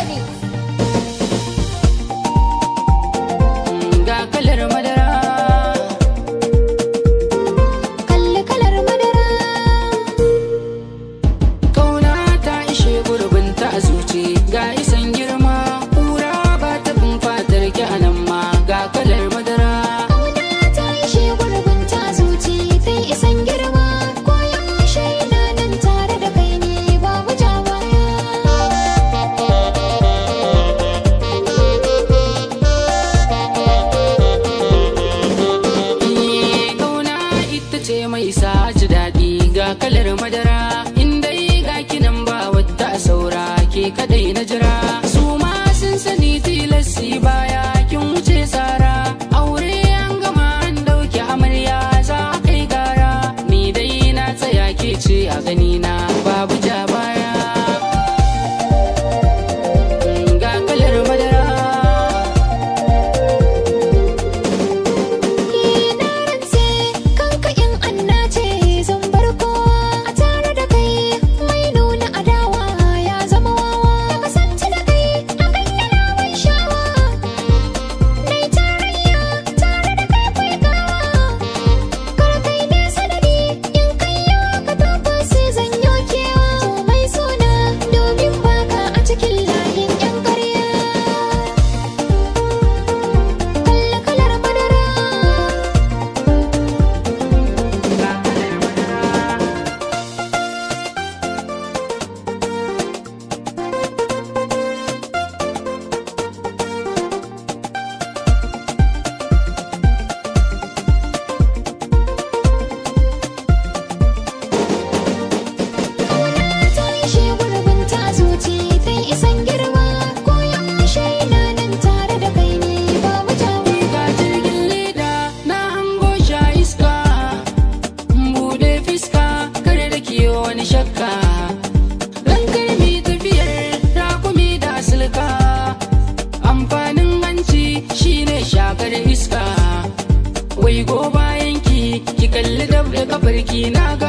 feliz mm, kalar madara kalli kalar madara kauna ta ishe gurbinta a zuci sa ji daɗi ga kalar madara in dai ga kinan ba wata saura ke kadai na jira su ma sun sani tilasi baya kin wuce tsara aure an gama an ɗauki amarya za a kai gara ni dai na tsaya ke ce a gani na fiska kare da kiyo wani shakka dan karmi tafiyar rakumi da silka amfanin hanci shine shakar iska wai go bayan ki ki kalli dab da kafarki na